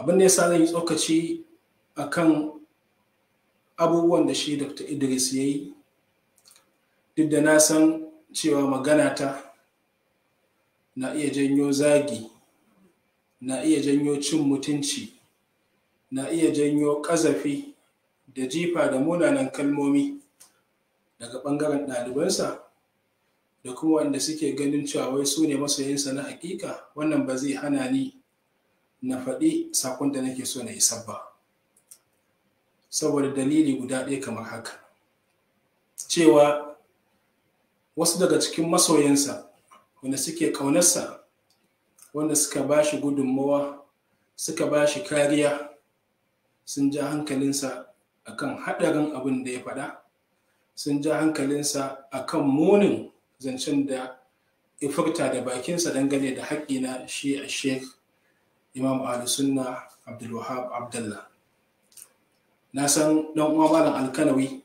abin da yasa zan yi tsokaci a kan abubuwan da shi dr idris ya yi duk da na san cewa magana ta na iya janyo zagi na iya janyo cin mutunci na iya janyo ƙazafi da jifa da munanan kalmomi daga ɓangaren ɗalibansa da kuma wanda suke ganin cewa wai su ne masoyinsa na hakika wannan ba zai hana ni na faɗi sakon da nake so na isar ba saboda dalili guda ɗaya kamar haka cewa wasu daga cikin masoyansa wanda suke ƙaunarsa wanda suka ba shi gudunmawa suka ba shi kariya sun ja hankalinsa akan haɗarin abin da ya faɗa sun ja hankalinsa akan munin zancen da ya furta da bakinsa dangane da haƙƙina shi a sheikh imam ali sunna abdulwahab abdullah na san dan uwa malam alkanawi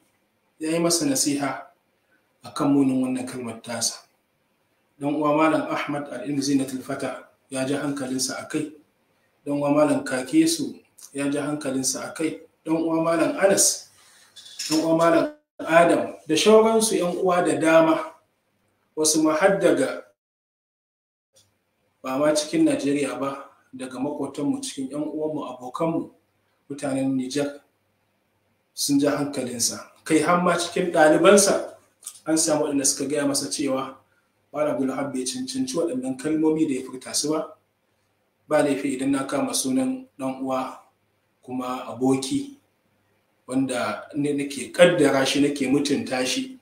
ya yi masa nasiha a kan munin wannan kalmar tasa dan uwa malam ahmad al'ilm zinatul fata ya ji hankalinsa a kai dan uwa malam kakesu ya ji hankalinsa a kai dan uwa malam anas dan uwa malam adam da shauransu yan uwa da dama wasu ma har daga ba ma cikin najeriya ba daga makotanmu cikin 'yan uwanmu abokanmu mutanen Nijar sun ja hankalinsa kai har ma cikin ɗalibansa an samu waɗanda suka gaya masa cewa na gula bai cancanci waɗannan kalmomi da ya furta su ba ba laifi idan na kama sunan ɗan uwa kuma aboki wanda ne nake kaddara shi nake mutunta shi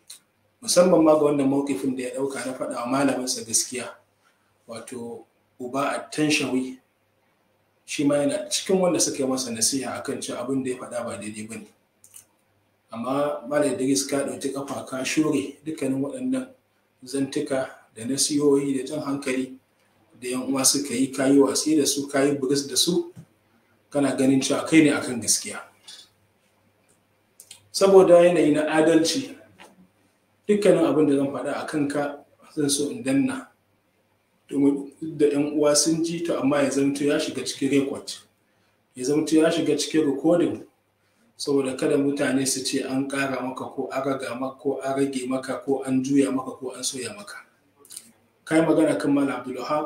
musamman ma ga wannan mawkifin da ya ɗauka na faɗa wa malaminsa gaskiya wato uba a tanshawi shi ma yana cikin wanda suka yi masa nasiha akan cewa abin da ya faɗa ba daidai ba ne amma malam idris ka ɗauki kafa ka shure dukkanin waɗannan zantuka da nasihohi da jan hankali da yan uwa suka yi kayi watsi da su kayi buris da su kana ganin cewa kai ne akan gaskiya saboda yanayi na adalci dukkanin abin da zan faɗa a kanka zan so in danna da yan uwa sun ji ta amma ya zamto ya shiga cikin record ya zamto ya shiga cikin recording saboda kada mutane su ce an ƙara maka ko an raga maka ko an rage maka ko an juya maka ko an soya maka kai magana kan malam abdulwahab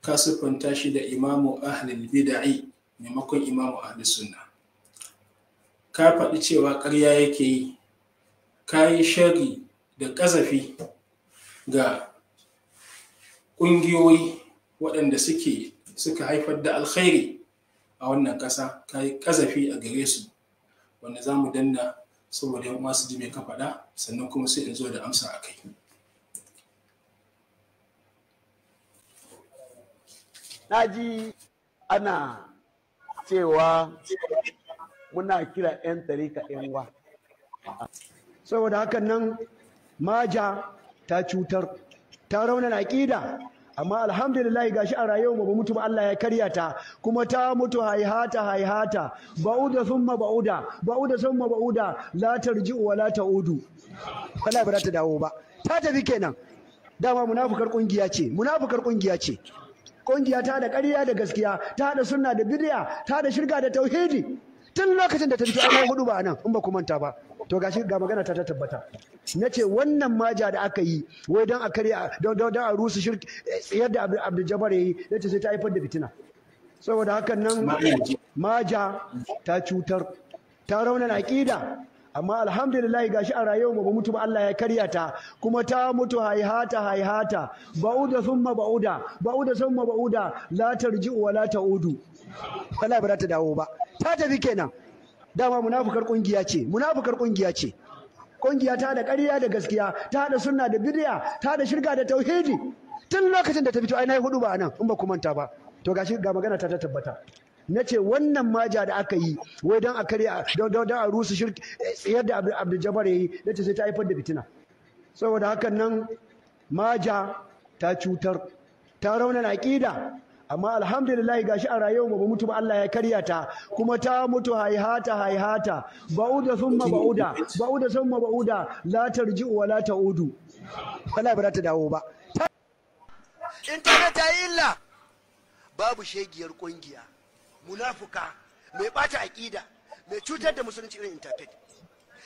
ka siffanta shi da imamu ahlul bida'i maimakon imamu ahlus sunna ka faɗi cewa ƙarya yake yi ka yi shari da ƙazafi ga ƙungiyoyi waɗanda suke suka haifar da alkhairi a wannan ƙasa ka yi ƙazafi a gare su wanda za mu danna saboda yan uwa su ji mai ka faɗa sannan kuma sai in zo da amsa a kai na ji ana cewa muna kira 'yan tarika 'yan wa saboda hakan nan maja ta cutar ta raunana aƙida amma alhamdulillah gashi a rayuwar mu ba mutu ba Allah ya karya ta kuma ta mutu haihata haihata ba'uda thumma ba'uda ba'uda thumma ba'uda la tarji'u wa la ta'udu wallahi ba za ta dawo ba ta tafi kenan dama munafukar kungiya ce munafukar kungiya ce kungiya ta da ƙarya da gaskiya ta da sunna da bid'a ta da shirka da tauhidi tun lokacin da ta fito an hudu ba nan in ba ku manta ba to gashi ga magana ta ta tabbata na ce wannan maja da aka yi wai don a karya don a rusu shirki tsayar da abdul jabbar yayi yace sai ta haifar da fitina saboda hakan nan maja ta cutar ta raunana aqida amma alhamdulillah gashi a rayuwar mu ba mutu ba Allah ya karya ta kuma ta mutu haihata haihata ba'uda thumma ba'uda ba'uda thumma ba'uda la tarji'u wa la ta'udu wallahi ba za ta dawo ba ta tafi kenan dama munafukar kungiya ce munafukar kungiya ce kungiya ta da ƙarya da gaskiya ta da sunna da bid'a ta da shirka da tauhidi tun lokacin da ta fito ai nayi hudu ba anan in ba ku manta ba to gashi ga magana ta ta tabbata na ce wannan maja da aka yi wai don a karya don a rusu shirki tsayar da abdu jabar ya yi na ce sai ta haifar da fitina saboda hakan nan maja ta cutar ta raunana aƙida amma alhamdulillah gashi a rayuwa mu ba mutu ba Allah ya karya ta kuma ta mutu haihata haihata ba'uda thumma ba'uda ba'uda thumma ba'uda la tarji wa la ta'udu Allah ba za ta dawo ba internet ya illa babu shegiyar kungiya munafuka mai bata aqida mai cutar da musulunci irin interpret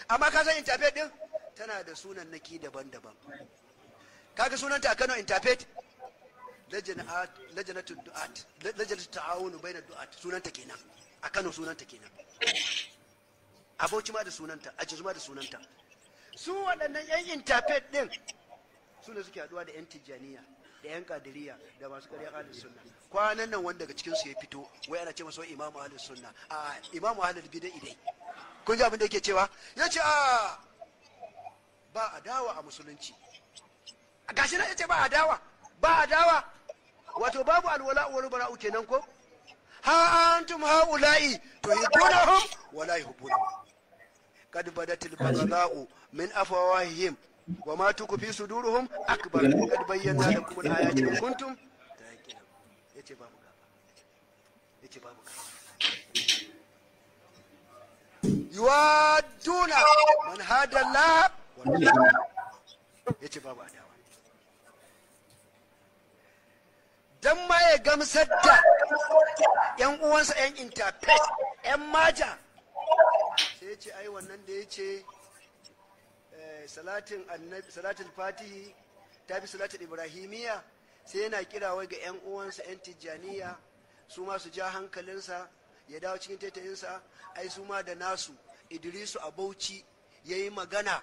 amma ka san interpret din tana da sunan naki daban-daban kaga sunanta a Kano interpret lajanatu du'at lajanatu ta'awunu bayna du'at sunanta kenan a Kano sunanta kenan a Bauchi ma da sunanta a Jos ma da sunanta su waɗannan yan interfaith din su ne suke haɗuwa da yan tijjaniya da yan kadiriya da masu ƙarya ahlus sunna kwanan nan wanda daga cikin su ya fito wai ana ce masa wai imamu ahlus sunna a imamu ahlul bid'ah dai kun ji abin da yake cewa yace a ba adawa a musulunci gashi na yace ba adawa ba adawa wato babu alwala wal bara'u kenan ko ha antum haula'i tuhibunahum wala badatil min afwahihim وما تكفي babu don ma ya gamsar da 'yan uwansa 'yan interface 'yan maja sai ya ce ai wannan da ya ce eh, salatin fatihi ta fi salatin ibrahimiya sai yana kirawa ga 'yan uwansa 'yan tijjaniya su ma su ja hankalinsa ya dawo cikin taitayinsa ai su ma da nasu idrisu a bauchi ya yi magana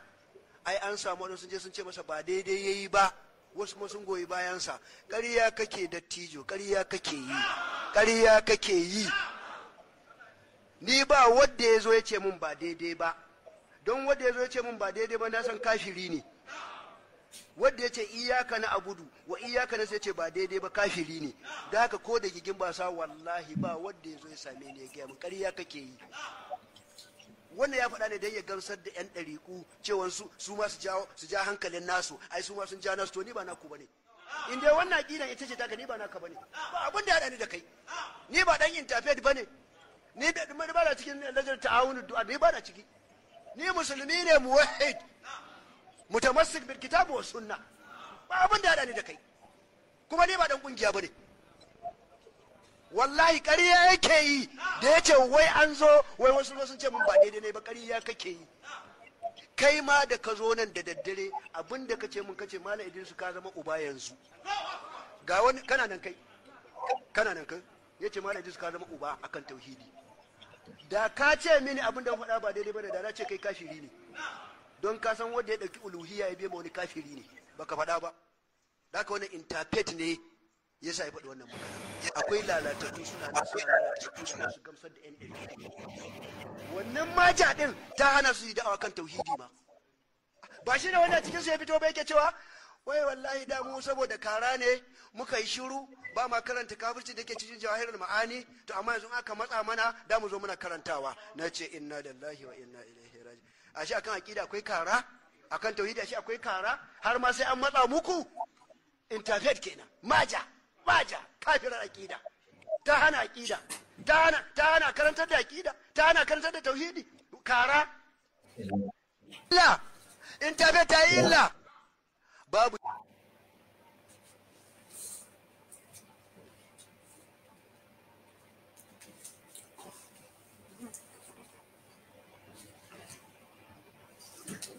ai an samu wadansu sun ce masa ba daidai ya yi ba wasu ma sun goyi bayansa ƙarya kake dattijo ƙarya kake yi ƙarya kake yi ni ba wanda ya zo ya ce mun ba daidai ba don wanda ya zo ya ce mun ba daidai ba na san kafiri ne wanda ya ce iyaka na abudu wa iyaka na sai ce ba daidai ba kafiri ne da haka ko da gigin ba sa wallahi ba wanda ya zo ya same ni ya gaya mun ƙarya kake yi wannan ya faɗa ne don ya gamsar da 'yan ɗariku cewa su su ma su ja hankalin nasu ai su ma sun ja nasu to ni ba naku ne in dai wannan aƙidan ita ce taka ni ba naka bane ba abin da ya ɗani da kai ni ba dan ba ne. ni da ba na cikin lajar ta'awunu du'a ni ba na ciki ni musulmi ne mu wahid mutamassik bil kitabu wa sunna ba abin da ya ɗani da kai kuma ni ba dan kungiya ne. wallahi ƙarya yake yi da ya ce wai an zo wai wasu sun ce mun ba daidai ne ba ƙarya kake yi kai ma da ka zo nan da daddare abin da kace mun kace mala su ka zama uba yanzu ga wani kana nan kai kana nan kai yace mala su ka zama uba akan tauhidi da ka ce mini abin da faɗa ba daidai ba da na ce kai kafiri ne don ka san wanda ya ɗauki uluhiyya ya bai ma wani kafiri ne baka faɗa ba da ka wani interpret ne sa ya faɗi wannan magana akwai lalatattu suna nan suna lalatattu suna su gamsar da yan wannan maja din ta hana su yi da'awa kan tauhidi ma ba shi ne wanda cikin su ya fito ba yake cewa wai wallahi da mu saboda kara ne muka yi shiru ba ma karanta kafirci da ke cikin jawahirul ma'ani to amma yanzu aka matsa mana da mu zo muna karantawa na ce inna lillahi wa inna ilaihi raji a shi akan aqida akwai kara akan tauhidi a shi akwai kara har ma sai an matsa muku interfet kenan maja baja kafirar aƙida ta hana aƙida ta hana ta hana karantar da aƙida ta hana karantar da tauhidi kara illa in ta ta yi illa babu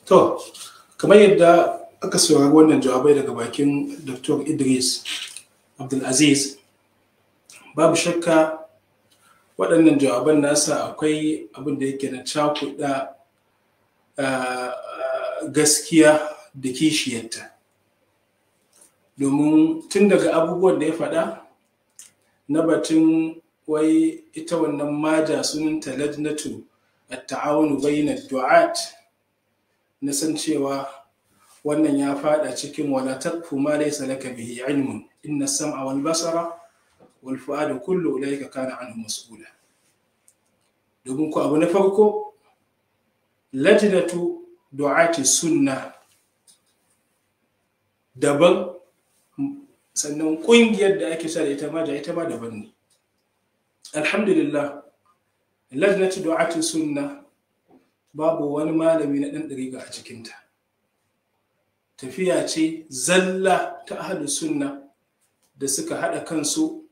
To, kamar yadda aka saurari wannan jawabai daga bakin Dr. Idris, abdulaziz babu shakka waɗannan jawaban nasa akwai abin da yake na cakuɗa gaskiya da kishiyarta domin tun daga abubuwan da ya faɗa na batun wai ita wannan maja sunanta talajnatu a taawunu bayyana du'at na san cewa wannan ya faɗa cikin wadatar takfu ma laka bihi ilmun inna sam'a wal basara wal fu'ada kullu ulaika kana anhu mas'ula domin ku abu na farko lajnatu du'ati daban sannan ƙungiyar da ake da ita ma da ita ma daban ne alhamdulillah lajnatu du'ati sunna babu wani malami na ɗan ɗariga a cikinta tafiya ce zalla ta ahlus sunna da suka haɗa kansu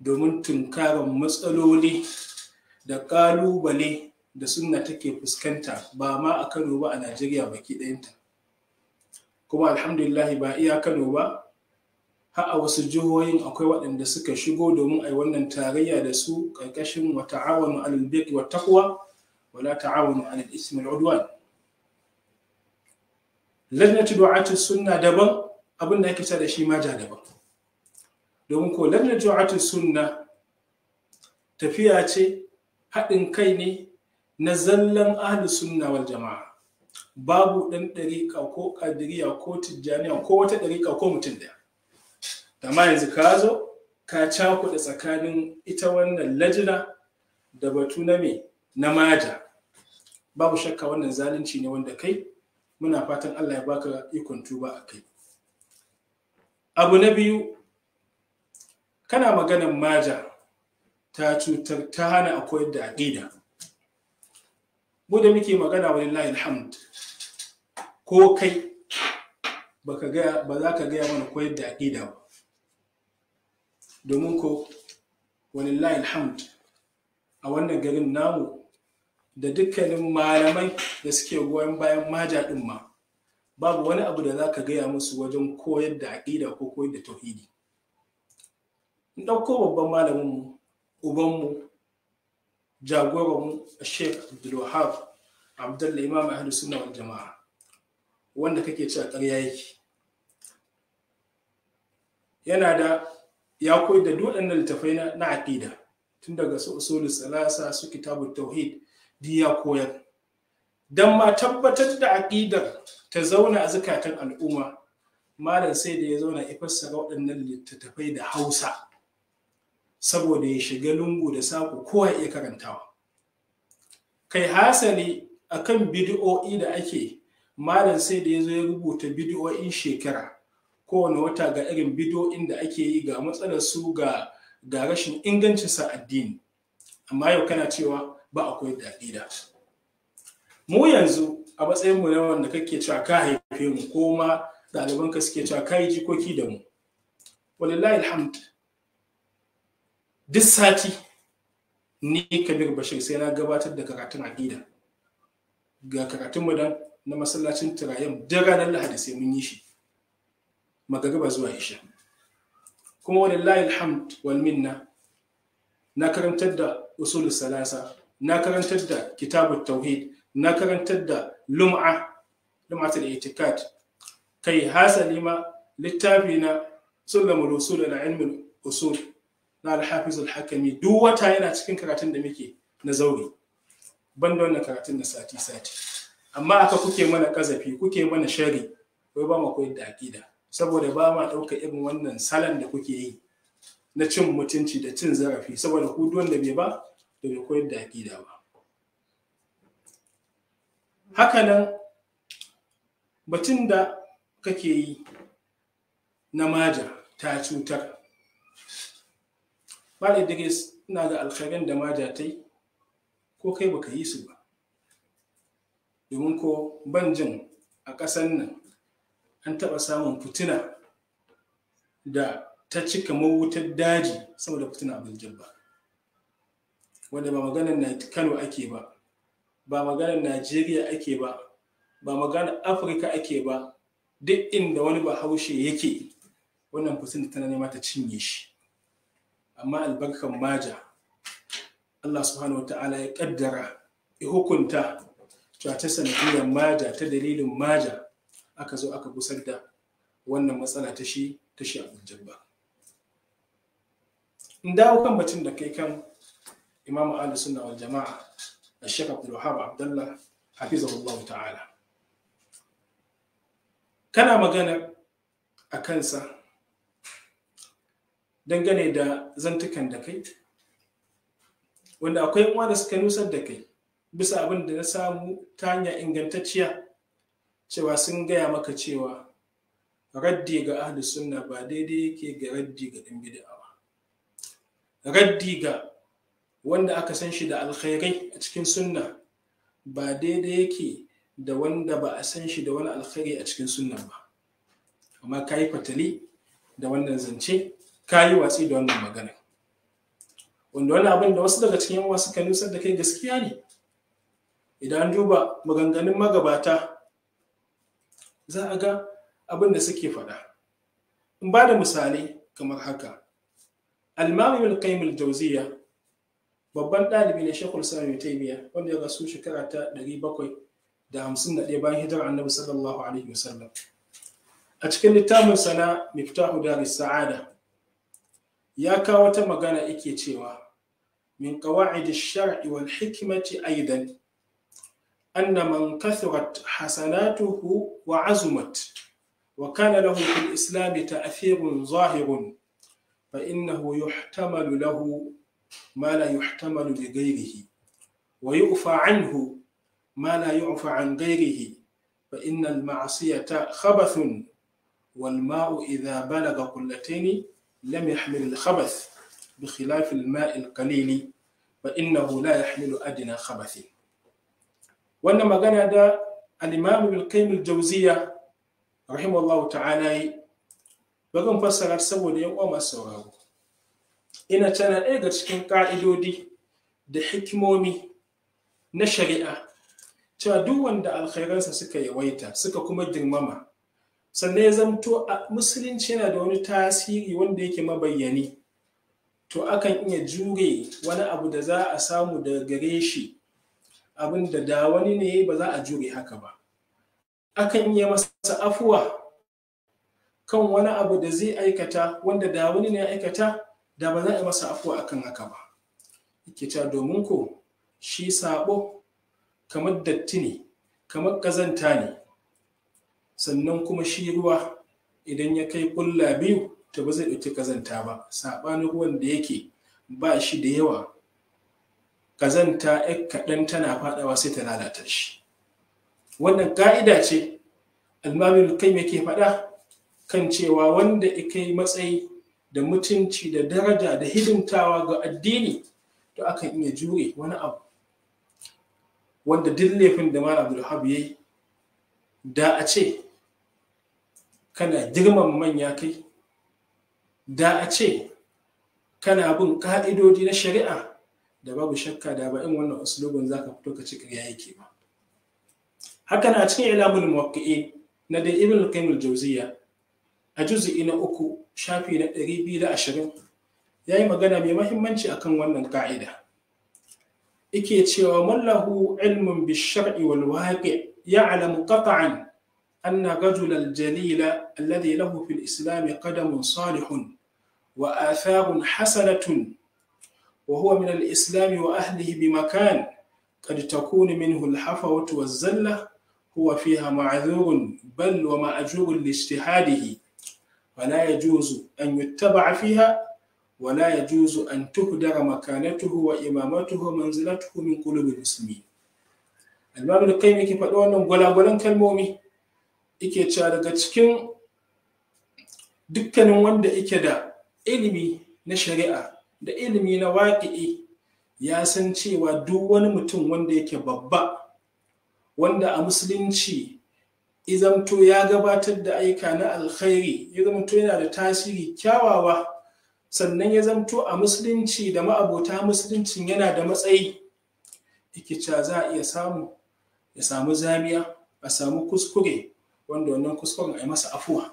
domin tunkarar matsaloli da ƙalubale da sunna take fuskanta ba ma a kano ba a najeriya baki ɗayanta kuma alhamdulillahi ba iya kano ba har a wasu jihohin akwai waɗanda suka shigo domin a yi wannan tarayya da su ƙarƙashin wa ta'awanu alal wa taqwa wa la ta'awanu alal ismi udwan lajnatu du'atu sunna daban abin da yake da shi ma ja daban domin ko lam naj'atu sunna tafiya ce haɗin kai ne na zallan ahli sunna wal jama'a babu ɗan ɗariƙa ko ƙadiriya ko tijjaniya ko wata ɗariƙa ko mutum ɗaya amma yanzu ka zo ka cakuɗa tsakanin ita wannan lajina da batu na mai na maja babu shakka wannan zalunci ne wanda kai muna fatan allah ya baka ikon tuba a kai abu na biyu kana maganan maja ta cutar ta hana a koyar da aƙida mu da muke magana walillahi alhamd ko kai ba za ka gaya mana koyar da aƙida ba domin ko walillahi alhamd a wannan garin namu da dukkanin malamai da suke goyon bayan maja ɗin ma babu wani abu da za ka gaya musu wajen koyar da aƙida ko koyar da tauhidi ɗauko babban malaminmu ubanmu jagoranmu sheikh abdulwahab abdullahi imam ahlu suna wal jama'a wanda kake a ƙarya yake yana da ya koyi da waɗannan littafai na aƙida tun daga su salasa su kitabut tauhid duk ya koyar dan ma tabbatar da aƙidar ta zauna a zukatan al'umma malam sai da ya zauna ya fassara waɗannan littattafai da hausa saboda ya shiga lungu da saku kowa iya karantawa kai hasali akan bidiyo'i da ake malam sai da ya zo ya rubuta bidiyo'in shekara kowane wata ga irin bidiyo'in da ake yi ga matsalar su ga ga rashin ingancin sa addini amma yau kana cewa ba akwai da. mu yanzu a matsayin mu na wanda kake cewa ka haife mu ko ma ɗalibanka suke cewa ka yi jikoki da mu wallahi alhamdu duk sati ni kabir bashir sai na gabatar da karatun aƙida ga karatun mu na masallacin turayen duk ranar lahadi sai mun yi shi magariba zuwa isha kuma walillahi alhamd wal minna na karantar da usul salasa na karantar da kitabut tauhid na karantar da lum'a lum'atul itikad kai hasali ma littafi na sulamul usul al ilm usul na alhafizul hakami duk wata yana cikin karatun da muke na zauri ban da wannan karatun na sati sati amma aka kuke mana kazafi kuke mana shari wai ba mu koyar da aqida saboda ba ma ɗaukar irin wannan salan da kuke yi na cin mutunci da cin zarafi saboda ku wanda bai ba da bai koyar da aqida ba hakanan batun da kake yi na maja ta cutar Malam Idris ina ga alkhairan da majatai ko kai baka yi su ba. Domin ko ban jin a ƙasan nan an taɓa samun fitina da ta cika mawutar daji saboda fitina abin ba Wanda ba maganar na Kano ake ba, ba maganar Najeriya ake ba, ba maganar Afirka ake ba, duk inda wani bahaushe yake wannan fitina tana nema ta cinye shi. amma albarkan maja Allah subhanahu wa ta'ala ya kaddara ya hukunta cewa ta sanadiyar maja ta dalilin maja aka zo aka gusar da wannan matsala ta shi ta shi abin in dawo kan batun da kai kan imamu ahli suna wal jama'a al-shaykh abdul wahab abdullah hafizahullah ta'ala kana magana a kansa dangane da zantukan da kai wanda akwai uwa da suka nusar da kai bisa abin da na samu ta hanya ingantacciya cewa sun gaya maka cewa raddi ga ahli sunna ba daidai yake ga raddi ga ɗan bid'a ba raddi ga wanda aka san shi da alkhairai a cikin sunna ba daidai yake da wanda ba a san shi da wani alkhairi a cikin sunna ba amma ka yi fatali da wannan zance ka yi watsi da wannan magana wanda wani abin da wasu daga cikin yawa suka nusar da kai gaskiya ne idan duba maganganun magabata za a ga abin da suke faɗa in ba da misalai kamar haka almami bin qayyim jauziya babban ɗalibi ne shekul sami taimiya wanda ya rasu shekara ta ɗaya bayan hijirar annabi sallallahu alaihi wasallam a cikin littafin sana miftahu daris sa'ada ya kawo wata magana ike cewa min qawaid ash-shar'i wal hikmati aidan anna man kathurat hasanatuhu wa azumat wa kana lahu fil islam ta'thirun zahirun fa innahu yuhtamalu lahu ma la yuhtamalu li ghayrihi wa yu'fa anhu ma la yu'fa an ghayrihi fa innal ma'siyata khabathun wal ma'u idha balagha qullatayn لم يحمل الخبث بخلاف الماء القليل فإنه لا يحمل أدنى خبث wannan magana da al-imam al-qayyim al-jawziya rahimahullahu ta'ala yi bazan fassara saboda yan uwa sauraro ina tana ɗaya ga cikin ƙa'idodi da hikimomi na shari'a cewa duk wanda alkhairansa suka yawaita suka kuma girmama sannan ya zamto musulunci yana da wani tasiri wanda yake mabayyani to akan iya jure wani abu da za a samu daga gare shi abin da da wani ne ba za a jure haka ba akan iya masa afuwa kan wani abu da zai aikata wanda da wani ne aikata da ba za a masa afuwa akan haka ba kita domin ko shi sabo kamar datti kamar kazanta ne sannan kuma shi ruwa idan ya kai kulla biyu ta ba zai ɗauki kazanta ba saɓanin ruwan da yake ba shi da yawa kazanta ‘yan kaɗan tana faɗawa sai ta lalata shi wannan ka'ida ce almamin kai yake faɗa kan cewa wanda kai matsayi da mutunci da daraja da hidimtawa ga addini to aka iya jure wani abu wanda duk laifin da malam abdulhabu ya yi da a ce kana girmama manya kai da a ce kana bin ka'idodi na shari'a da babu shakka da ba in wannan uslubin za ka fito ka ci ƙarya yake ba haka a cikin ilamun muwaqqi'in na da ibn al-qayyim al a juz'i na uku shafi na 220 yi magana mai muhimmanci akan wannan ka'ida Ike cewa mallahu ilmun bi shar'i wal waqi' ya'lamu qat'an أن الرجل الجليل الذي له في الإسلام قدم صالح وآثار حسنة وهو من الإسلام وأهله بمكان قد تكون منه الحفوة والزلة هو فيها معذور بل ومأجور لاجتهاده فلا يجوز أن يتبع فيها ولا يجوز أن تهدر مكانته وإمامته ومنزلته من قلوب المسلمين الباب القيم كيف أدوانا ولا ولا كالمومي Ikica, cewa daga cikin dukkanin wanda ike da ilimi na shari'a da ilimi na waƙi'i ya san cewa duk wani mutum wanda yake babba wanda a musulunci izamto ya gabatar da aika na alkhairi ya zamto yana da tasiri kyawawa sannan ya zamto a musulunci da ma'abota musuluncin yana da matsayi ikica za a iya samu ya samu zamiya a samu kuskure wanda wannan kuskuren a yi masa afuwa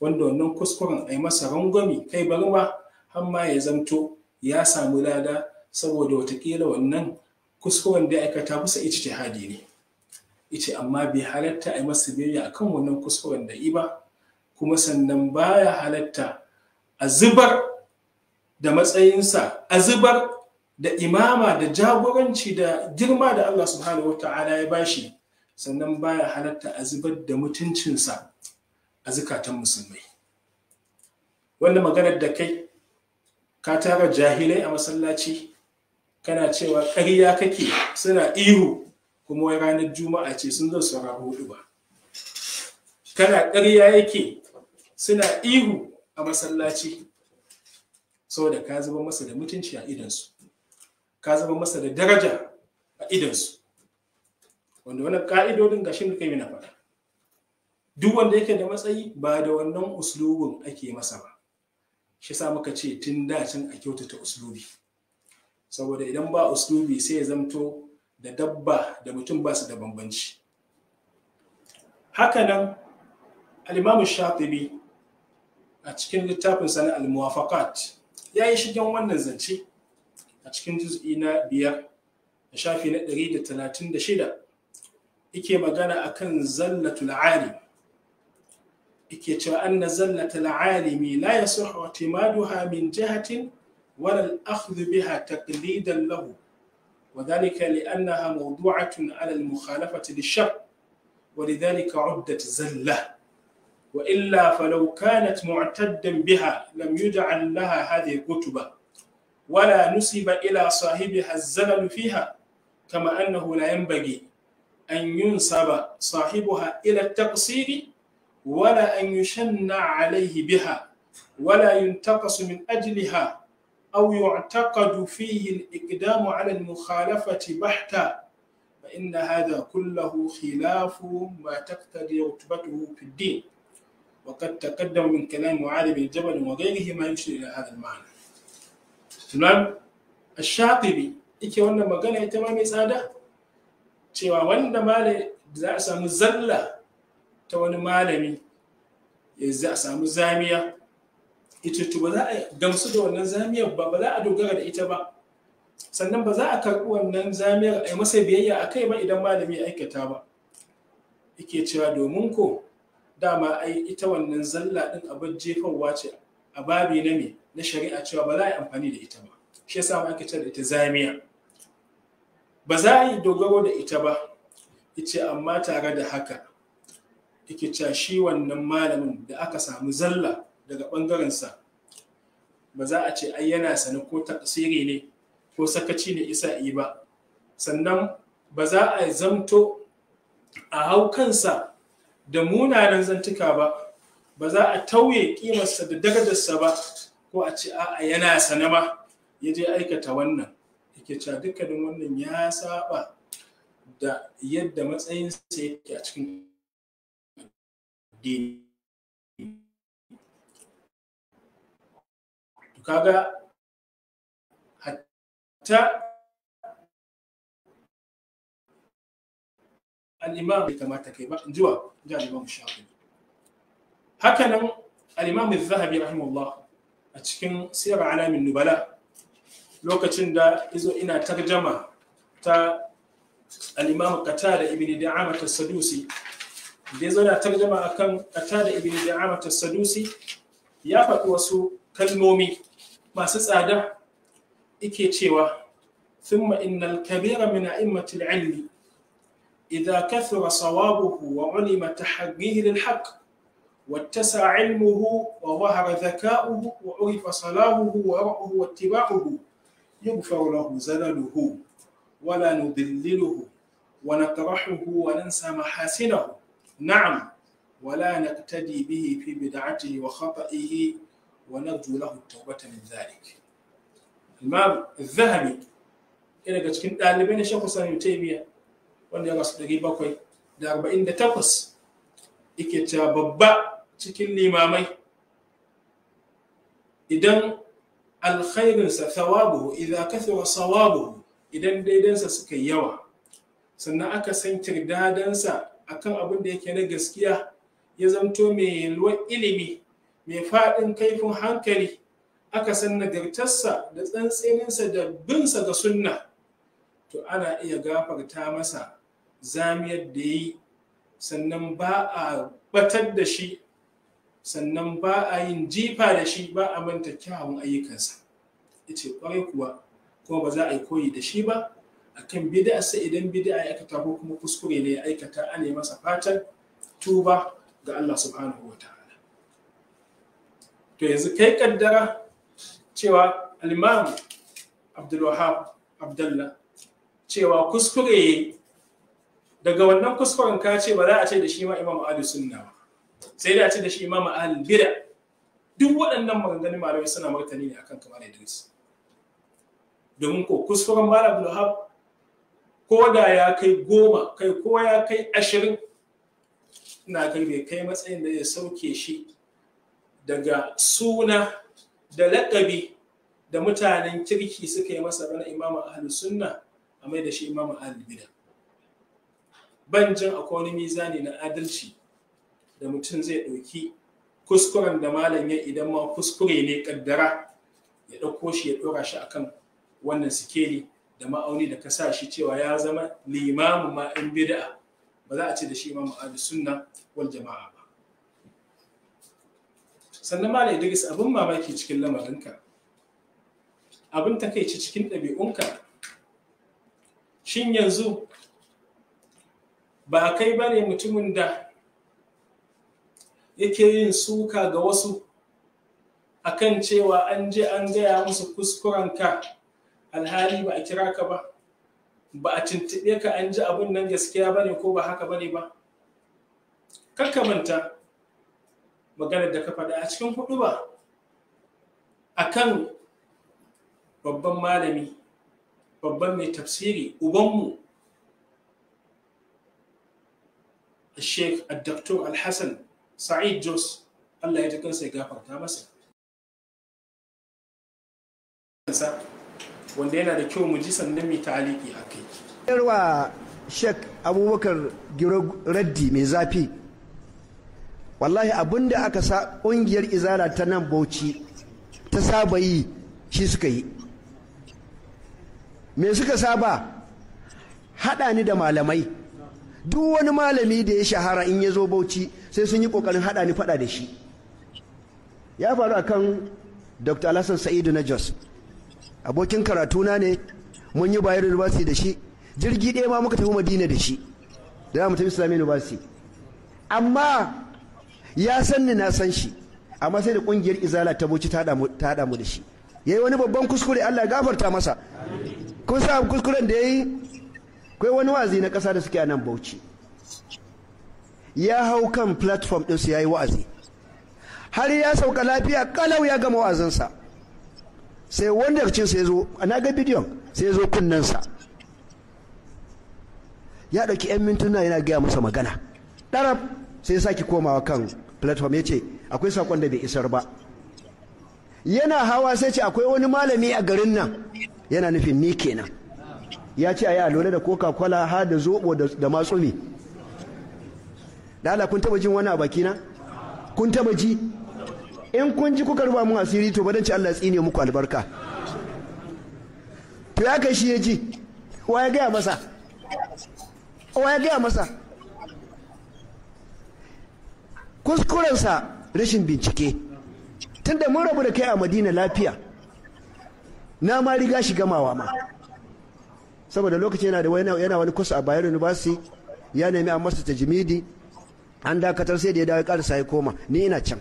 wanda wannan kuskuren a yi masa rangwami kai bari ba, har ma ya zamto ya samu lada saboda watakila wannan kuskuren da aikata masa hadi ne ice amma bai halatta a yi masa biyayya kan wannan kuskuren da yi ba kuma sannan baya halatta a zubar da matsayinsa a zubar da imama da jagoranci da girma da Allah subhanahu wata'ala ya bashi sannan baya halatta a zubar da mutuncinsa a zukatan musulmai wanda maganar da kai ka tara jahilai a masallaci kana cewa ƙarya kake suna ihu kuma wai ranar juma'a ce sun zo sauraro hudu ba kana ƙarya yake suna ihu a masallaci saboda ka zuba masa da mutunci a idansu ka zuba masa da daraja a idansu wanda wannan ka'idodin ga shi kai na faɗa duk wanda yake da matsayi ba da wannan uslubin ake masa ba shi sa muka ce tun da can a kyautata uslubi saboda idan ba uslubi sai ya zamto da dabba da mutum ba su da bambanci nan, al-imamu shatibi a cikin littafin sana al-muwafaqat ya yi shigen wannan zance a cikin juz'i na biyar da shafi na 136 yake magana a kan zallatul alim yake cewa an na zallatul alimi la ya suha wa timaduha min jihatin wala al-akhdhu biha taqlidan lahu wa dhalika li annaha mawdu'atun 'ala al-mukhalafati li shar wa lidhalika 'uddat zalla wa illa falaw kanat mu'taddan biha lam yud'al laha hadhihi kutuba wala nusiba ila sahibiha az-zalal fiha kama annahu la yanbaghi أن ينسب صاحبها إلى التقصير ولا أن يشنع عليه بها ولا ينتقص من أجلها أو يعتقد فيه الإقدام على المخالفة بحتا فإن هذا كله خلاف ما تقتضي رتبته في الدين وقد تقدم من كلام معاذ بن جبل وغيره ما يشير إلى هذا المعنى تمام الشاطبي إيكي وانا مغانا يتمام سادة cewa wanda malami za a samu zalla ta wani malami ya za a samu zamiya ita ba za a gamsu da wannan zamiyar ba ba za a dogara da ita ba sannan ba za a karɓi wannan zamiyar a yi masa biyayya a kai ba idan malami ya aikata ba yake cewa domin ko dama ai ita wannan zalla din abin jefarwa ce a babi na me na shari'a cewa ba za a yi amfani da ita ba shi yasa ma ake cewa da ita zamiya ba za a yi dogaro da ita ba yace amma tare da haka yake cewa shi wannan malamin da aka samu zalla daga ɓangarensa ba za a ce ai yana sani ko tasiri ne ko sakaci ne isa yi ba sannan ba za a zamto a hau kansa da munanan zantuka ba ba za a tauye kimarsa da darajarsa ba ko a ce a'a yana sane ma ya je aikata wannan ke cewa dukkanin wannan ya saba da yadda matsayin sa yake a cikin addini kaga hatta al-imam bai kamata kai ba jiwa ja al'imam shafi imam az zahabi rahimahullah a cikin sirr alamin nubala lokacin da izo ina tarjama ta al-imam ibn da'ama da yazo na tarjama akan qatada ibn da'ama tasadusi sadusi ya faɗi wasu kalmomi masu tsada ike cewa thumma innal kabira min a'immatil ilmi إذا كثر صوابه وعلم تحقيه للحق واتسع علمه وظهر ذكاؤه وعرف صلاحه ورعه واتباعه يغفر له زلله ولا نذلله ونقرحه وننسى محاسنه نعم ولا نقتدي به في بدعته وخطئه ونرجو له التوبة من ذلك imam zahabi ɗaya daga cikin ɗalibai na shekku sani taimiya wanda ya rasu ɗari bakwai da arba'in da takwas yake ta babba cikin limamai idan alkhairinsa thawabuhu idza kathara sawabuhu idan daidansa suka yawa sannan aka san kirdadansa akan abin da yake na gaskiya ya zamto mai yalwar ilimi mai faɗin kaifin hankali aka san nagartarsa da tsantsininsa da binsa ga sunna to ana iya gafarta masa zamiyar da yi sannan ba a batar da shi sannan ba a yin jifa da shi ba a manta kyawun ayyukansa ce kwarai kuwa kuma ba za a yi koyi da shi ba A akan bid'a sai idan bid'a ya aikata ko kuma kuskure ne ya aikata a ne masa fatan tuba ga Allah subhanahu Ta'ala. to yanzu kai kaddara cewa al-Imam Abdul cewa kuskure daga wannan kuskuren ka ce ba za a ce da shi ma Imam Ali Sunna ba sai da ce da shi imamu al bid'a duk waɗannan maganganun malamai suna martani ne akan kamar Idris domin ko kuskuren mara Abdul ko da ya kai goma kai ko ya kai ashirin ina kai bai kai matsayin da ya sauke shi daga suna da laƙabi da mutanen kirki suka yi masa bana imamu ahlus sunna a mai da shi imamu ahlul bid'a ban jin akwai wani mizani na adalci da mutum zai ɗauki kuskuren da malam ya idan ma kuskure ne kaddara ya ɗauko shi ya ɗora shi akan wannan sikeli da ma'auni da ka shi cewa ya zama limamu ma in bid'a ba za a ce da shi imamu ahli sunna wal jama'a ba sannan malam Idris abin mamaki cikin lamarinka abin takaici cikin ɗabi'unka shin yanzu ba kai bane mutumin da yake yin suka ga wasu akan cewa an je an gaya musu kuskurenka alhali ba a kira ka ba ba a tuntuɓe ka an ji abin nan gaskiya ba ne ko ba haka ba ne ba kanka manta maganar da ka faɗa a cikin hudu ba a kan babban malami babban mai tafsiri ubanmu الشيخ الدكتور الحسن Sa'id Jos Allah ya ji kansa ya gafarta masa wanda yana da kyau mu ji sannan mai taliki a kai. Yarwa Sheikh Abubakar Giro Raddi mai zafi. Wallahi abin da aka sa ƙungiyar izala ta nan Bauchi ta saba yi shi suka yi. Me suka saba? Haɗa ni da malamai. Duk wani malami da ya shahara in ya zo Bauchi sai sun yi kokarin hada ni fada da shi ya faru akan dr alhassan sa'idu na jos abokin karatuna ne mun yi bayar university da shi jirgi ɗaya ma muka tafi madina da shi da za mu tafi islamic university amma ya san ni na san shi amma sai da ƙungiyar izala ta boci ta haɗa mu da shi yayi wani babban kuskure Allah ya gafarta masa kun sa kuskuren da ya yi kai wani wazi na ƙasa da suke a nan bauchi ya hau kan platform su ya yi wa'azi har ya sauka lafiya kalau ya gama wa'azinsa sai wanda ya ce sai zo na ga bidiyon sai zo kunnensa ya ɗauki 'yan mintuna yana gaya masa magana ɗarab sai sake komawa kan platform ya ce akwai saƙon da bai isar ba yana hawa sai ce akwai wani malami a garin nan yana nufin ni kenan ya ce a yi alola da coca-cola har da zobo da matsumi lala kun taba jin wani a bakina kun taba ji in kun ji kuka ruba mun asiri to ci Allah ya tsine muku albarka to ya kai shi ya ji wa ya gaya masa wa ya gaya masa kuskurensa rashin bincike tunda mun rabu da kai a madina lafiya na ma riga shi gamawa ma saboda lokaci yana da yana wani kusa a bayero university ya nemi a masa tajimidi an dakatar sai da ya dawo karsa ya koma ni ina can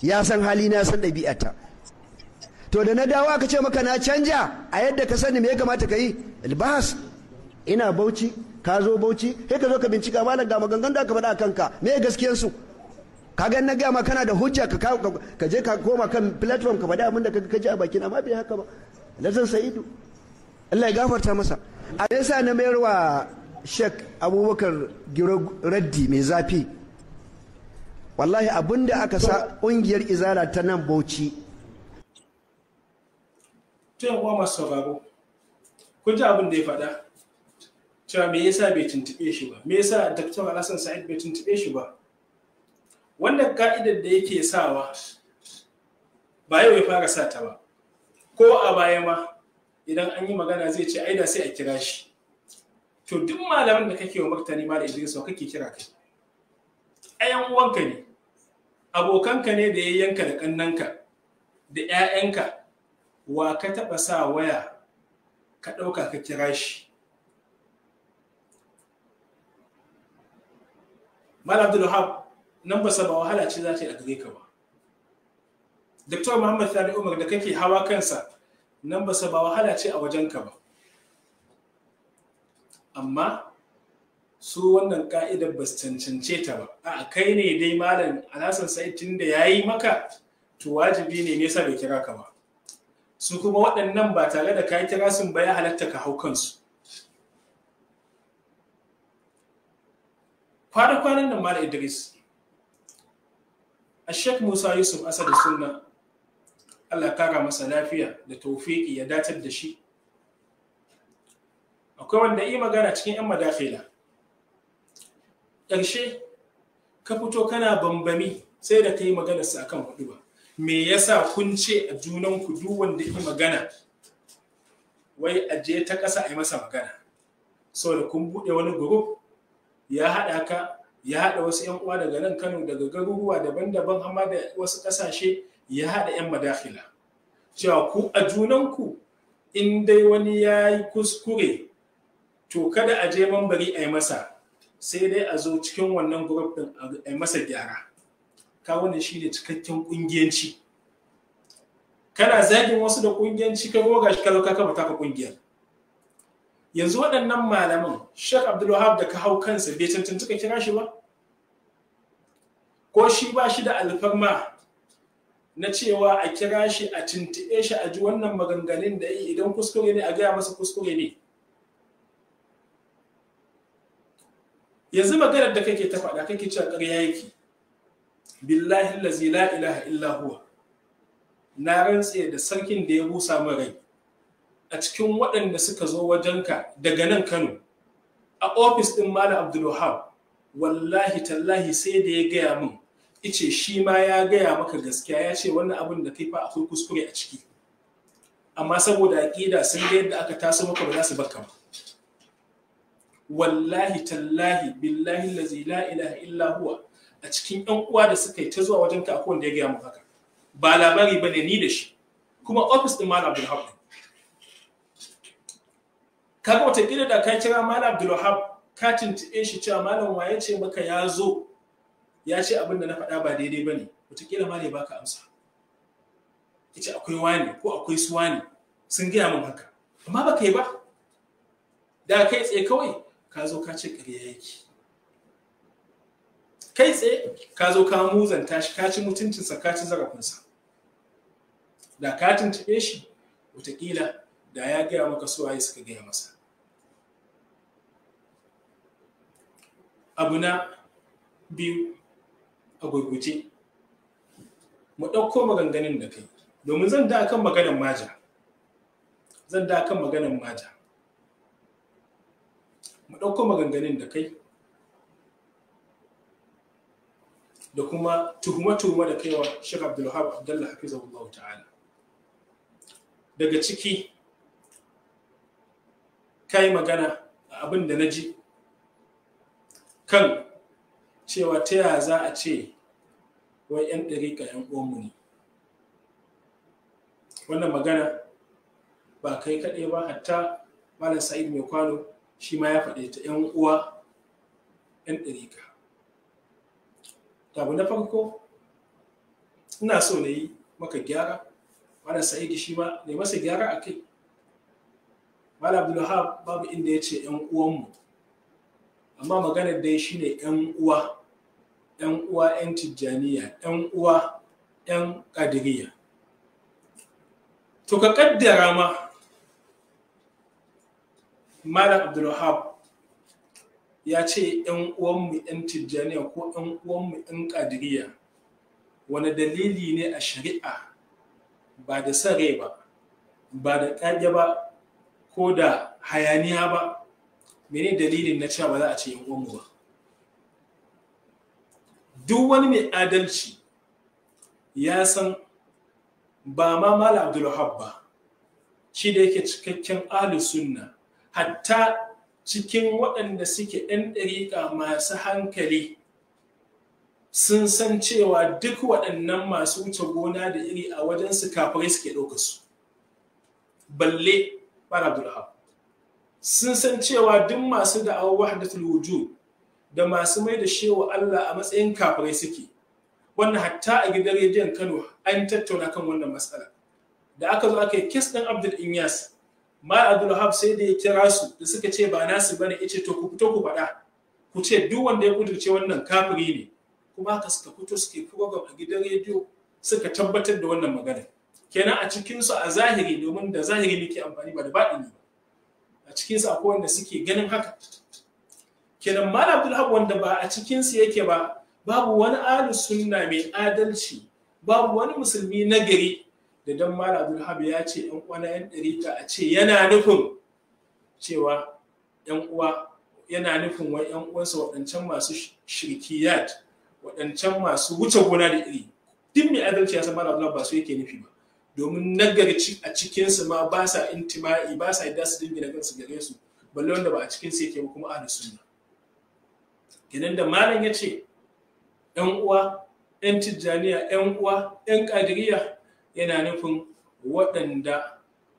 ya san hali na san ɗabi'ata to da na dawo aka ce maka na canja a yadda ka sani me ya kamata ka yi albahas ina bauchi ka zo bauchi sai ka zo ka bincika malam ga maganganun da aka faɗa a kanka me gaskiyar su ka ga na gaya ma kana da hujja ka ka je ka koma kan platform ka faɗa abin da ka ji a bakin amma bai haka ba lazan sa'idu Allah ya gafarta masa a yasa na mayar wa shek abubakar giro raddi mai zafi wallahi abinda aka sa ƙungiyar izala ta nan bauchi cewa masu sauraro kun ji abin da ya fada cewa me yasa bai tuntube shi ba me yasa daktar alhassan sa'id bai tuntube shi ba wannan ka'idar da yake sawa ba yau ya fara sa ta ba ko a baya ma idan an yi magana zai ce aida sai a kira shi to duk malamin da kake wa martani ma da Idris wa kake kira kai ayan uwanka ne abokanka ne da yayyanka da kannanka da ƴaƴanka wa ka taɓa sa waya ka ɗauka ka kira shi Malam Abdul Wahab nan ba ba wahala ce za ta yi a gare ka ba Dr. Muhammad Sani Umar da kake hawa kansa nan ba ba wahala ce a wajenka ba amma su wannan ka'idar ba su cancance ta ba a kai ne dai malam alasan sai tun da ya yi maka to wajibi ne nesa bai kira ka ba su kuma waɗannan ba tare da ka kira sun bayan halatta ka hau kansu kwanan nan malam idris A ashek musa yusuf asadu sunna allah kara masa lafiya da taufiki ya datar da shi akwai wanda yi magana cikin 'yan madafila ƙarshe ka fito kana bambami sai da ka yi maganarsa akan hudu ba me yasa kun ce a junanku duk wanda yi magana wai a ta ƙasa a yi masa magana Sau da kun buɗe wani guru, ya haɗa ka ya haɗa wasu 'yan uwa daga nan kano daga garuruwa daban-daban amma da wasu ƙasashe ya haɗa 'yan madafila cewa ku a junanku in dai wani ya yi kuskure to kada a je mambari a yi masa sai dai a zo cikin wannan group din a yi masa gyara ka wannan shine cikakken kungiyanci kana zagin wasu da kungiyanci ka roga shi kalau ka kafa taka kungiyar yanzu waɗannan malaman Sheikh Abdul Wahab da ka hau kansa bai cancanta ka kira shi ba ko shi ba shi da alfarma na cewa a kira shi a tintiɓe shi a ji wannan maganganun da yi idan kuskure ne a gaya masa kuskure ne yanzu maganar da kake ta faɗa kake cewa ƙarya yake billahi lazi la ilaha illa huwa na rantse da sarkin da ya busa min rai a cikin waɗanda suka zo wajenka daga nan Kano a ofis ɗin Malam Abdulwahab wallahi tallahi sai da ya gaya min ice shi ma ya gaya maka gaskiya ya ce wannan abin da kai fa akwai kuskure a ciki amma saboda aƙida sun ga yadda aka taso maka ba za su barka ba wallahi tallahi billahi lazi la ilaha illa huwa a cikin yan uwa da suka yi ta zuwa wajen ka akwai wanda ya gaya mu haka ba labari ba ne ni da shi kuma ofis din malam ka kaga wata kira da kai kira malam hab ka tuntuɓe shi cewa malam waye ce maka ya zo ya ce abinda na faɗa ba daidai ba ne wataƙila ma ne baka amsa ita akwai wani ko akwai su wani sun gaya min haka amma baka yi ba da kai tsaye kawai ka zo ka ce ƙarya yake kai tsaye ka zo ka muzanta shi ka ci mutuncinsa ka ci zarafinsa da ka tuntube shi watakila da ya gaya maka su yi suka gaya masa abu na biyu a mu ɗauko maganganun da kai domin zan da kan maganar maja zan da kan maganar maja mu ɗauko maganganun da kai da kuma tuhuma-tuhuma da kaiwa Sheikh Abdulhab Abdullah Hafizahullah ta'ala daga ciki kai magana abin da na ji kan cewa ta ya za a ce wai 'yan dariƙa 'yan uwanmu ne wannan magana ba kai kaɗai ba hatta malam sa'id mai kwano shi ma ya faɗe ta ‘yan uwa ‘yan ɗarika. Tabu na farko, ina so na yi maka gyara, mana sa'idi shi ma ne masa gyara a kai. Mala Abdullahab babu inda ya ce ‘yan uwanmu, amma maganar dai shi ne ‘yan uwa, ‘yan uwa ‘yan tijjaniya, ‘yan uwa ‘yan ƙadiriya. To ka ƙaddara ma malam abdulwahab ya ce yan uwanmu yan tijjaniya ko yan uwanmu yan kadiriya wani dalili ne a shari'a ba da sare ba ba da kage ba ko da hayaniya ba mene dalilin na cewa ba za a ce yan uwanmu ba duk wani mai adalci ya san ba ma malam abdulwahab ba shi da yake cikakken ahlus sunna hatta cikin waɗanda suke ɗan ɗariƙa masu hankali sun san cewa duk waɗannan masu wuce gona da iri a wajensu kafirai suke ɗauka su balle barabdulhab sun san cewa duk masu da'awar wahdatul wujud da masu mai da shewa Allah a matsayin kafirai suke wannan hatta a gidan rediyon Kano an tattauna kan wannan matsala da aka zo aka yi kes ɗin Abdul Inyas mal abdulhab sai da ya kira su da suka ce ba nasu bane yace to ku fito ku faɗa ku ce duk wanda ya kudurce wannan kafiri ne kuma haka suka fito suke program a gidan rediyo suka tabbatar da wannan magana kenan a cikinsu a zahiri domin da zahiri ke amfani ba da baɗini ba a cikinsu akwai wanda suke ganin haka kenan Malam abdulhab wanda ba a cikinsu yake ba babu wani alu sunna mai adalci babu wani musulmi nagari da dan mala abdulhab ya ce yan kwana yan ta a ce yana nufin cewa yan uwa yana nufin wa yan uwansa waɗancan masu shirkiyat waɗancan masu wuce gona da iri duk mai adalci ya san mala abdulhab ba su yake nufi ba domin nagarci a cikinsu ma ba sa intima'i ba sa yadda su da kansu gare su balle wanda ba a cikin su yake ba kuma ahlus sunna kenan da malam ya ce yan uwa yan tijjaniya yan uwa yan kadiriya yana nufin waɗanda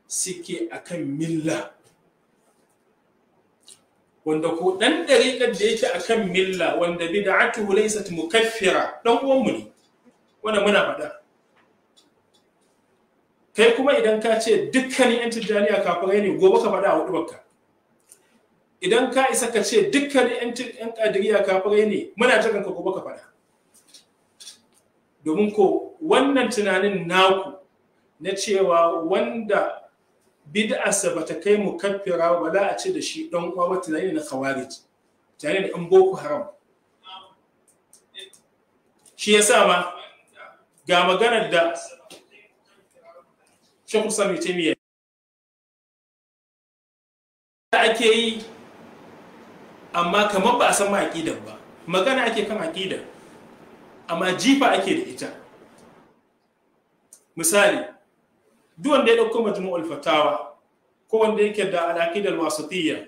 suke akan milla wanda ko ɗan ɗariƙar da yake akan milla wanda bi da bid'atuhu laysat mukaffira ɗan uwanmu ne wanda muna faɗa kai kuma idan ka ce dukkanin yan tijjaniya kafirai ne gobe ka faɗa a hudu baka idan ka isa ka ce dukkanin yan kadiriya kafirai ne muna jiran ka gobe ka faɗa domin ko wannan tunanin naku na cewa wanda bid'arsa ba ta kai mu kaffira ba za a ce da shi ɗan uwa wata tunani na khawarij tare da ɗan boko haram shi ya sa ma ga maganar da shekul sami taimiyya da ake yi amma kamar ba a san ma aƙidar ba magana ake kan aƙidar amma jifa ake da ita misali duk wanda ya dauko majmu'ul fatawa ko wanda yake da al-aqidal wasatiyya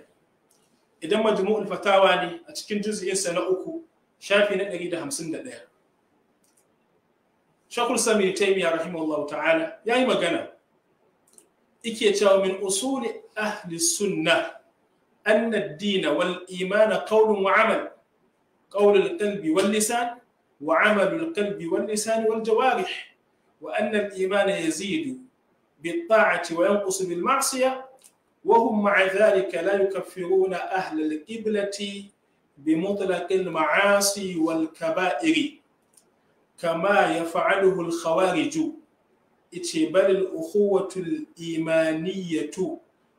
idan majmu'ul fatawa ne a cikin juz'insa na uku shafi na 151 shakul sami taimiya rahimahullahu ta'ala ya yi magana ike cewa min usuli ahli sunna anna ad wal iman qawlun wa amal qawl qalbi wal lisan وعمل القلب واللسان والجوارح وأن الإيمان يزيد بالطاعة وينقص بالمعصية وهم مع ذلك لا يكفرون أهل القبلة بمطلق المعاصي والكبائر كما يفعله الخوارج بل الأخوة الإيمانية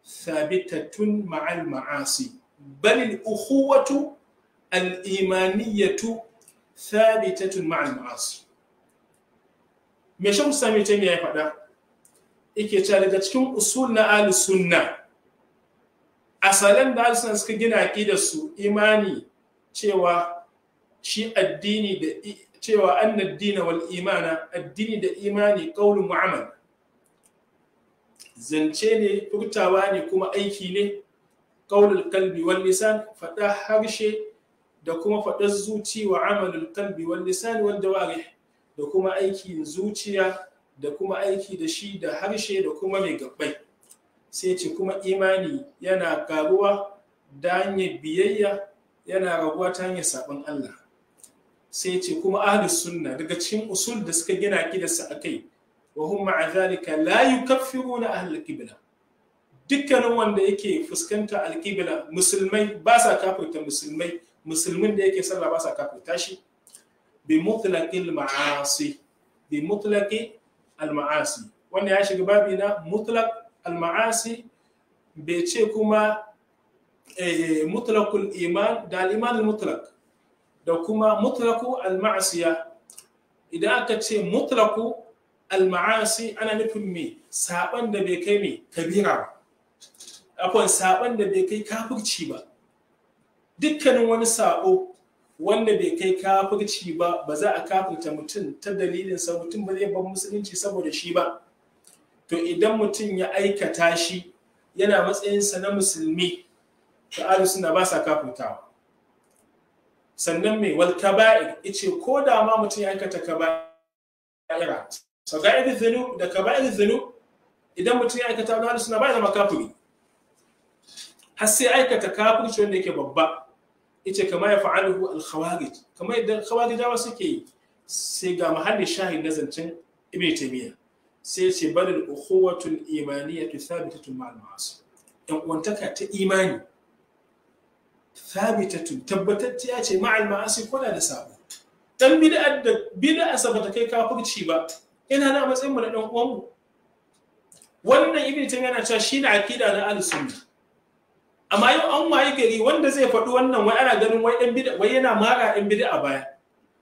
ثابتة مع المعاصي بل الأخوة الإيمانية thabitatun ma'al ma'asir. me shan sami ta ya faɗa Ike ce daga cikin usul na ahli sunna asalan da ahli suka gina aqidar su imani cewa shi addini da cewa anna wal imana addini da imani qaulun mu'amal zance ne furtawa ne kuma aiki ne qaulul kalbi wal lisan faɗa harshe da kuma faɗar zuci wa amalul kalbi wal lisan wal jawarih da kuma aikin zuciya da kuma aiki da shi da harshe da kuma mai gabbai sai ce kuma imani yana karuwa da hanyar biyayya yana raguwa ta hanyar sabon Allah sai ce kuma ahli sunna daga cikin usul da suka gina kidarsa akai wa hum ma'a zalika la yukaffiruna ahli qibla dukkanin wanda yake fuskanta alqibla musulmai ba sa kafirta musulmai musulmin da yake sallah ba sa kafirta shi bi mutlaqil ma'asi bi mutlaqi al ma'asi ya shiga babi na mutlaq al ma'asi bai ce kuma eh, mutlaqul iman da al iman al mutlaq da kuma mutlaqu al ma'asiya idan aka ce mutlaqu al ma'asi ana nufin me saban da bai kai me kabira ba akwai saban da bai kai kafirci ba dukkanin wani sabo wanda bai kai kafirci ba ba za a kafirta mutum ta dalilin sa mutum ba zai bar musulunci saboda shi ba to idan mutum ya aikata shi yana matsayinsa na musulmi to ahlus sunna ba sa kafirtawa sannan mai wal kaba'ir ice ko da ma mutum ya aikata kaba'ira saga'ir zunub da kaba'ir zunub idan mutum ya aikata wani suna ba ya zama kafiri har sai aikata kafirci wanda yake babba yace kamar ya fa'aluhu al-khawarij kamar yadda khawarijawa suke yi sai ga mahallin shahid na zancen ibn taymiya sai yace balil ukhuwatul imaniyatu thabitatun ma'al ma'asi yan uwantaka ta imani thabitatun tabbatacciya ce ma'al ma'asi ko da sabo dan bid'a da bid'a sabata kai kafirci ba ina na matsayin mu na dan uwanmu wannan ibn taymiya yana cewa shine ne aqida na al-sunnah amma yau an wayi gari wanda zai faɗi wannan wai ana ganin wai wai yana mara ɗan bid'a baya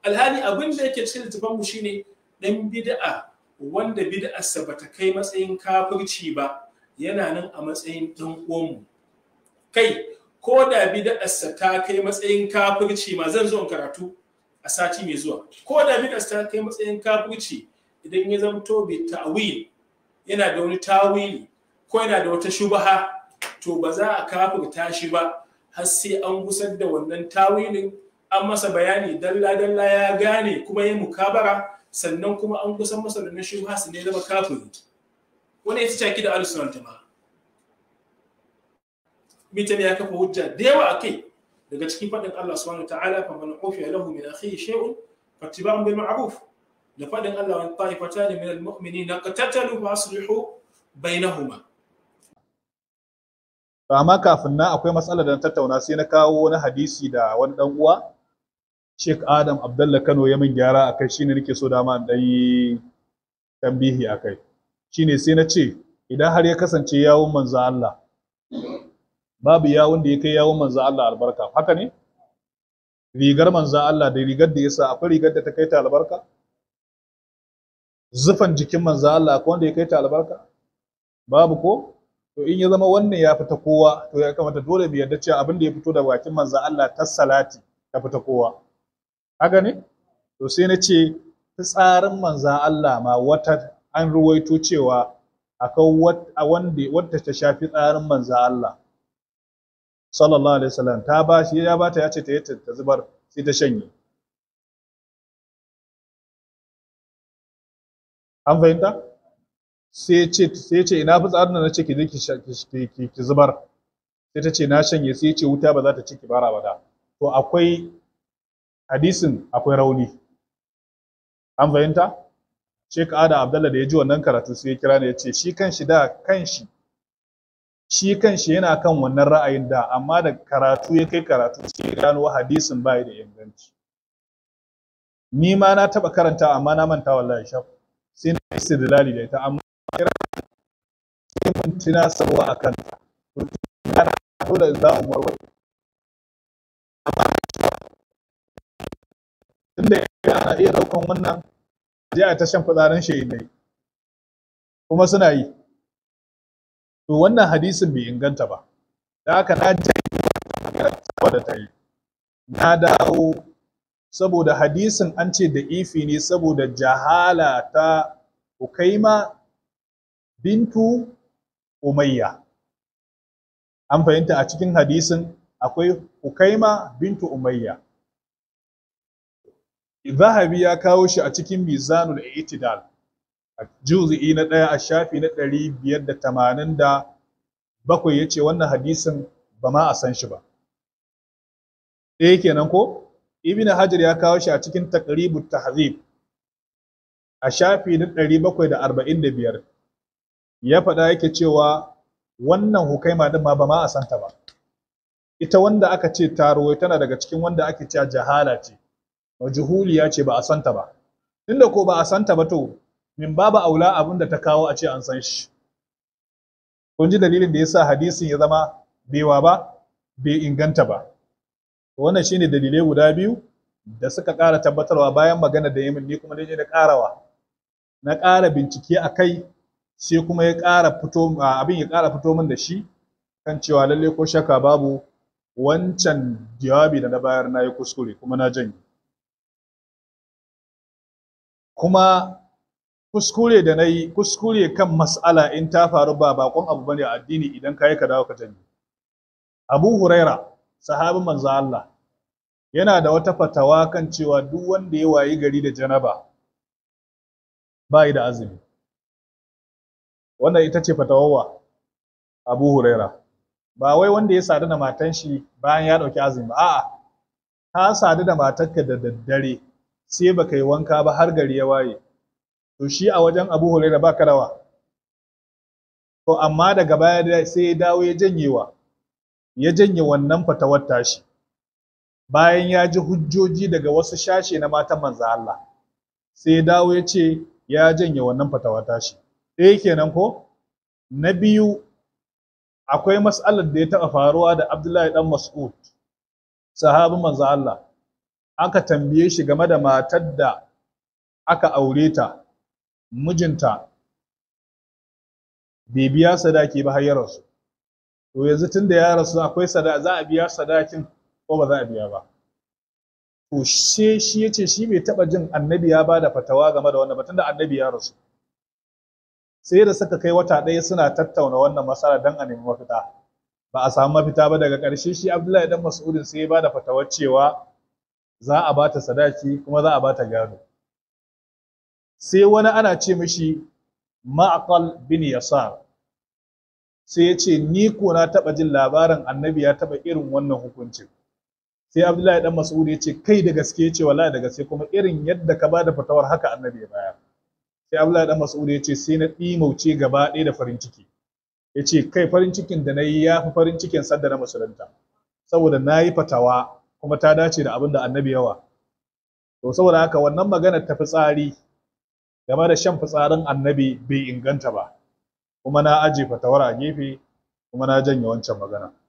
alhali abin da yake cikin littafin mu shine ɗan bid'a wanda sa bata kai matsayin kafirci ba yana nan a matsayin ɗan uwanmu kai ko da sa ta kai matsayin kafirci ma zan zo in karatu a sati mai zuwa ko da bid'arsa ta kai matsayin kafirci idan ya zamto bi ta'wil yana da wani tawili ko yana da wata shubaha to ba za a kafirta shi ba har sai an gusar da wannan tawilin an masa bayani dalla dalla ya gane kuma ya mukabara sannan kuma an kusan masa da na shubha su ne zama kafiri wani ita caki da alusunan ta ma ya kafa hujja da yawa a kai daga cikin faɗin Allah subhanahu ta'ala fa man ufiya lahu min akhihi shay'un fattiba'un bil ma'ruf da faɗin Allah wa ta'ifatan min al-mu'minina qatatalu fa aslihu bainahuma to amma kafin nan akwai matsalar da na tattauna sai na kawo wani hadisi da wani dan uwa Sheikh Adam Abdalla Kano ya min gyara akai shine nake so dama in dan yi tambihi akai shine sai na ce idan har ya kasance yawun manzo Allah babu yawun da ya kai yawun manzo Allah albarka haka ne rigar manzo Allah da rigar da ya sa akwai rigar da ta kai ta albarka zufan jikin manzo Allah akwai wanda ya kai ta albarka babu ko to in ya zama wannan ya fita kowa to ya kamata dole mu yarda cewa abin da ya fito da bakin manzo Allah ta salati ta fita kowa haka ne to sai na ce tsarin manzo Allah ma wata an ruwaito cewa akan wanda wadda ta shafi tsarin manzo Allah sallallahu alaihi wasallam ta ba shi ya bata ya ce ta yi ta zubar sai ta shanye an fahimta sai ce sai ce ina na da nace ki je ki zubar sai ta ce na shanye sai ce wuta ba za ta ci ki bara ba da to akwai hadisin akwai rauni an fahimta Sheikh Ada Abdalla da ya ji wannan karatu sai ya kira ne ya ce shi kanshi da kan shi shi yana kan wannan ra'ayin da amma da karatu ya kai karatu sai ya gano hadisin bai da inganci ni ma na taba karanta amma na manta wallahi shaf sai na istidlali da ita amma tunasarwa a kanta ana tunda ana iya daukan wannan je a tashan fitsarin shahidai kuma suna yi to wannan hadisin bai inganta ba da aka na je da ta yi na dawo saboda hadisin an ce da ifi ne saboda jahala ta ukaima bintu Umayya. An fahimta a cikin hadisin akwai Hukaima bintu Umayya. Zahabi ya kawo shi a cikin Mizanul Itidal a juzui na ɗaya a shafi na ɗari biyar da tamanin da bakwai ya ce wannan hadisin ba ma a san shi ba. Ɗaya eh kenan ko? Ibn Hajar ya kawo shi a cikin Taqribut Tahzib a shafi na ɗari bakwai da arba'in da biyar ya faɗa yake cewa wannan hukaima din ma ba ma a santa ba ita wanda aka ce taro tana daga cikin wanda ake cewa jahala ce majhuliya ce ba a santa ba tunda ko ba a santa ba to min babu aula abin da ta kawo a ce an san shi kun ji dalilin da yasa hadisin ya zama baiwa ba bai inganta ba wannan shine dalilai guda biyu da suka ƙara tabbatarwa bayan magana da yimin ni kuma dai da ƙarawa na ƙara bincike a kai sai kuma ya ƙara fito abin ya ƙara fito min da shi kan cewa lalle ko shaka babu wancan jawabi da na bayar na yi kuskure kuma na janye kuma kuskure da na yi kuskure kan mas'ala in ta faru ba bakon abu bane a addini idan ka yi ka dawo ka janye abu huraira sahabin manzo Allah yana da wata fatawa kan cewa duk wanda ya wayi gari da janaba ba da azumi wannan ita ce fatawawa abu huraira ba wai wanda ya sadu da matan shi bayan ya ɗauki azumi ba a'a ta sadu da matarka da daddare sai baka yi wanka ba har gari ya waye to shi a wajen abu huraira ba rawa to amma daga baya sai ya dawo ya janyewa ya janye wannan fatawar tashi bayan ya ji hujjoji daga wasu shashe na matan manzo Allah sai ya dawo ya ce ya janye wannan fatawar tashi ɗaya eh, kenan ko na biyu akwai matsalar da ya taɓa faruwa da abdullahi dan mas'ud sahabu manzo Allah aka tambaye shi game da matar da aka aure ta mijinta bai biya sadaki ba har ya rasu to yanzu tun da ya akwai sadaka, za a biya sadakin ko ba za a biya ba to she shi yace shi bai taba jin annabi ya bada fatawa game da wannan ba tunda annabi ya rasu sai da suka kai wata ɗaya suna tattauna wannan matsala don a nemi mafita ba a samu mafita ba daga ƙarshe shi abdullahi dan mas'udin sai ya ba da fatawar cewa za a ba ta sadaki kuma za a ba ta gado sai wani ana ce mishi ma'aqal bin yasar sai ya ce ni ko na taɓa jin labarin annabi ya taɓa irin wannan hukuncin sai abdullahi dan mas'udi ya ce kai da gaske ya ce wallahi da gaske kuma irin yadda ka ba da fatawar haka annabi ya bayar sai Abdullahi dan Mas'ud ya ce sai na ɗimauce gaba ɗaya da farin ciki ya ce kai farin cikin da na yi ya fi farin cikin sadda na musulunta saboda na yi fatawa kuma ta dace da abin da annabi yawa to saboda haka wannan magana ta fitsari game da shan fitsarin annabi bai inganta ba kuma na aje fatawar a gefe kuma na janye wancan magana